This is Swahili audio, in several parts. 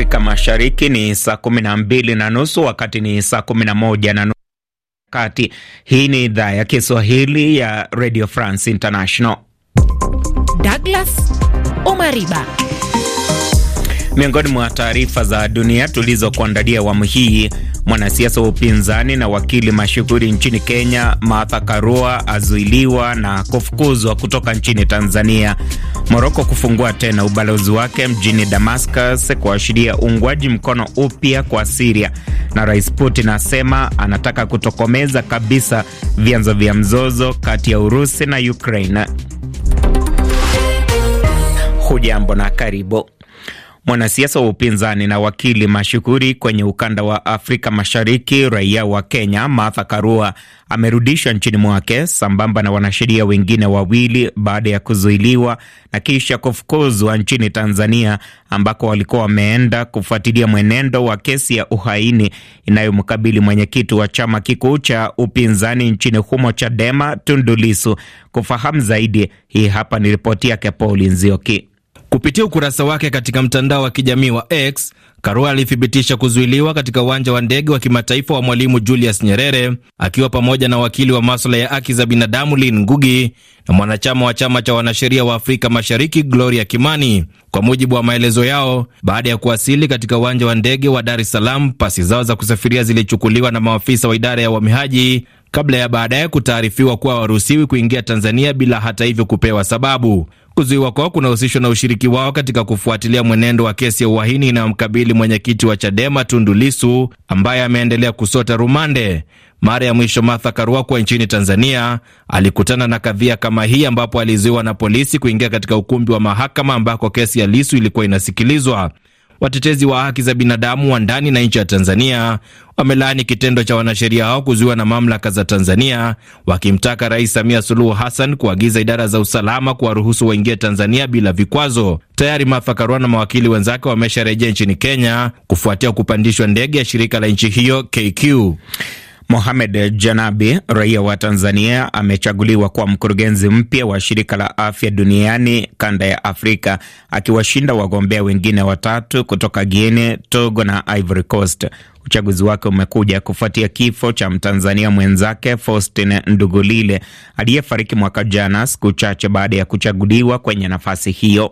Afrika Mashariki ni saa kumi na mbili na nusu wakati ni saa kumi na moja na nusu kati. Hii ni idhaa ya Kiswahili ya Radio France International. Douglas Omariba, miongoni mwa taarifa za dunia tulizokuandalia awamu hii Mwanasiasa wa upinzani na wakili mashuhuri nchini Kenya, Martha Karua azuiliwa na kufukuzwa kutoka nchini Tanzania. Moroko kufungua tena ubalozi wake mjini Damascus kuashiria uungwaji mkono upya kwa Siria, na Rais Putin asema anataka kutokomeza kabisa vyanzo vya mzozo kati ya Urusi na Ukraine. Hujambo na karibu. Mwanasiasa wa upinzani na wakili mashuhuri kwenye ukanda wa Afrika Mashariki, raia wa Kenya Martha Karua amerudishwa nchini mwake sambamba na wanasheria wengine wawili baada ya kuzuiliwa na kisha kufukuzwa nchini Tanzania ambako walikuwa wameenda kufuatilia mwenendo wa kesi ya uhaini inayomkabili mwenyekiti wa chama kikuu cha upinzani nchini humo Chadema tundulisu Kufahamu zaidi, hii hapa ni ripoti yake Paul Nzioki. Kupitia ukurasa wake katika mtandao wa kijamii wa X, Karua alithibitisha kuzuiliwa katika uwanja wa ndege wa kimataifa wa Mwalimu Julius Nyerere akiwa pamoja na wakili wa maswala ya haki za binadamu Lin Ngugi na mwanachama wa chama cha wanasheria wa Afrika Mashariki Gloria Kimani. Kwa mujibu wa maelezo yao, baada ya kuwasili katika uwanja wa ndege wa Dar es Salaam, pasi zao za kusafiria zilichukuliwa na maafisa wa idara ya uhamiaji kabla ya baadaye kutaarifiwa kuwa waruhusiwi kuingia Tanzania bila hata hivyo kupewa sababu. Kuzuiwa kwao kunahusishwa na ushiriki wao katika kufuatilia mwenendo wa kesi ya uhaini inayomkabili mwenyekiti wa Chadema Tundu lisu ambaye ameendelea kusota rumande. Mara ya mwisho Martha Karua nchini Tanzania alikutana na kadhia kama hii, ambapo alizuiwa na polisi kuingia katika ukumbi wa mahakama ambako kesi ya Lisu ilikuwa inasikilizwa. Watetezi wa haki za binadamu wa ndani na nchi ya Tanzania wamelaani kitendo cha wanasheria hao kuzuiwa na mamlaka za Tanzania, wakimtaka Rais Samia Suluhu Hassan kuagiza idara za usalama kuwaruhusu waingie Tanzania bila vikwazo. Tayari Martha Karua na mawakili wenzake wamesharejea nchini Kenya kufuatia kupandishwa ndege ya shirika la nchi hiyo KQ. Mohamed Janabi, raia wa Tanzania, amechaguliwa kuwa mkurugenzi mpya wa shirika la afya duniani kanda ya Afrika, akiwashinda wagombea wengine watatu kutoka Guinea, Togo na Ivory Coast. Uchaguzi wake umekuja kufuatia kifo cha Mtanzania mwenzake Faustin Ndugulile aliyefariki mwaka jana, siku chache baada ya kuchaguliwa kwenye nafasi hiyo.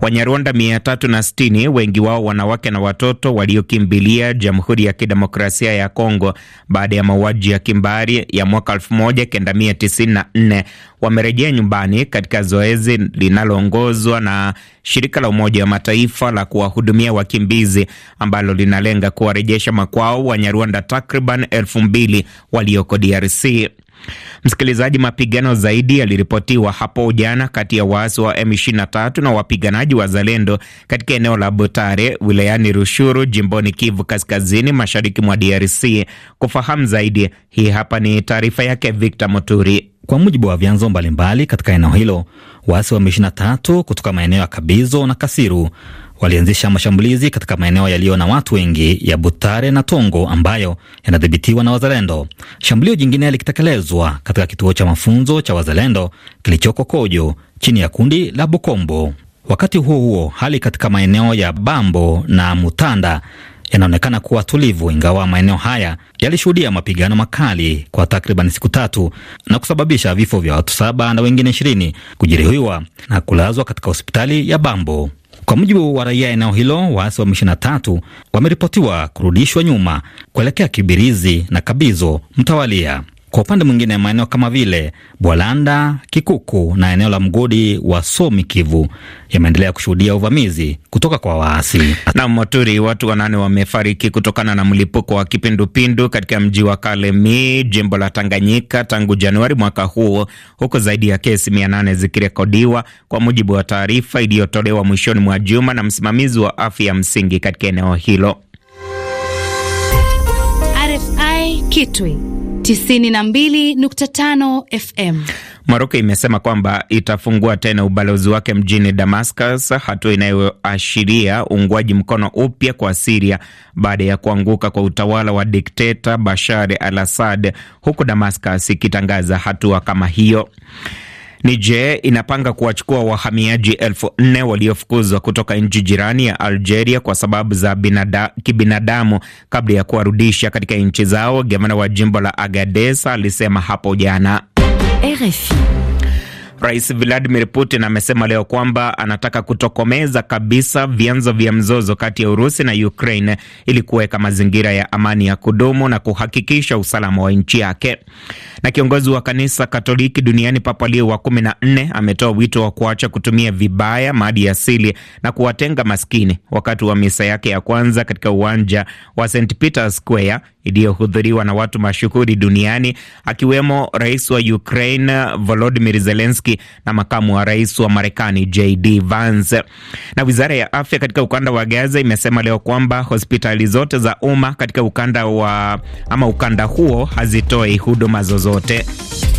Wanyarwanda 360 wengi wao wanawake na watoto waliokimbilia Jamhuri ya Kidemokrasia ya Kongo baada ya mauaji ya kimbari ya mwaka 1994 wamerejea nyumbani katika zoezi linaloongozwa na shirika la Umoja wa Mataifa la kuwahudumia wakimbizi ambalo linalenga kuwarejesha makwao Wanyarwanda takriban elfu mbili walioko DRC. Msikilizaji, mapigano zaidi yaliripotiwa hapo jana kati ya waasi wa M23 na wapiganaji wa Zalendo katika eneo la Butare wilayani Rushuru jimboni Kivu Kaskazini, mashariki mwa DRC. Kufahamu zaidi, hii hapa ni taarifa yake Victor Muturi. Kwa mujibu wa vyanzo mbalimbali katika eneo hilo, waasi wa M23 kutoka maeneo ya Kabizo na Kasiru walianzisha mashambulizi katika maeneo yaliyo na watu wengi ya Butare na Tongo ambayo yanadhibitiwa na Wazalendo. Shambulio jingine likitekelezwa katika kituo cha mafunzo cha Wazalendo kilichoko Kojo chini ya kundi la Bukombo. Wakati huo huo, hali katika maeneo ya Bambo na Mutanda yanaonekana kuwa tulivu, ingawa maeneo haya yalishuhudia mapigano makali kwa takriban siku tatu na kusababisha vifo vya watu saba na wengine ishirini kujeruhiwa na kulazwa katika hospitali ya Bambo. Kwa mujibu wa raia eneo hilo, waasi wa M23 wameripotiwa kurudishwa nyuma kuelekea Kibirizi na Kabizo mtawalia. Kwa upande mwingine, maeneo kama vile Bwalanda, Kikuku na eneo la mgodi wa Somi Kivu yameendelea kushuhudia uvamizi kutoka kwa waasi. Na Moturi, watu wanane wamefariki kutokana na mlipuko wa kipindupindu katika mji wa Kalemi, jimbo la Tanganyika tangu Januari mwaka huo, huku zaidi ya kesi mia nane zikirekodiwa kwa mujibu wa taarifa iliyotolewa mwishoni mwa juma na msimamizi wa afya ya msingi katika eneo hilo. Kitwi 92.5 FM. Moroko imesema kwamba itafungua tena ubalozi wake mjini Damascus, hatua inayoashiria uungwaji mkono upya kwa Siria baada ya kuanguka kwa utawala wa dikteta Bashar al Assad, huku Damascus ikitangaza hatua kama hiyo. Niger inapanga kuwachukua wahamiaji elfu nne waliofukuzwa kutoka nchi jirani ya Algeria kwa sababu za binada, kibinadamu kabla ya kuwarudisha katika nchi zao. Gavana wa jimbo la Agadesa alisema hapo jana RFI. Rais Vladimir Putin amesema leo kwamba anataka kutokomeza kabisa vyanzo vya mzozo kati ya Urusi na Ukraine ili kuweka mazingira ya amani ya kudumu na kuhakikisha usalama wa nchi yake. Na kiongozi wa kanisa Katoliki duniani Papa Leo wa kumi na nne ametoa wito wa kuacha kutumia vibaya mali asili na kuwatenga maskini wakati wa misa yake ya kwanza katika uwanja wa St Peter Square iliyohudhuriwa na watu mashuhuri duniani akiwemo rais wa Ukraine Volodimir Zelenski Kariuki na makamu wa rais wa Marekani JD Vance. Na wizara ya afya katika ukanda wa Gaza imesema leo kwamba hospitali zote za umma katika ukanda wa ama ukanda huo hazitoi huduma zozote.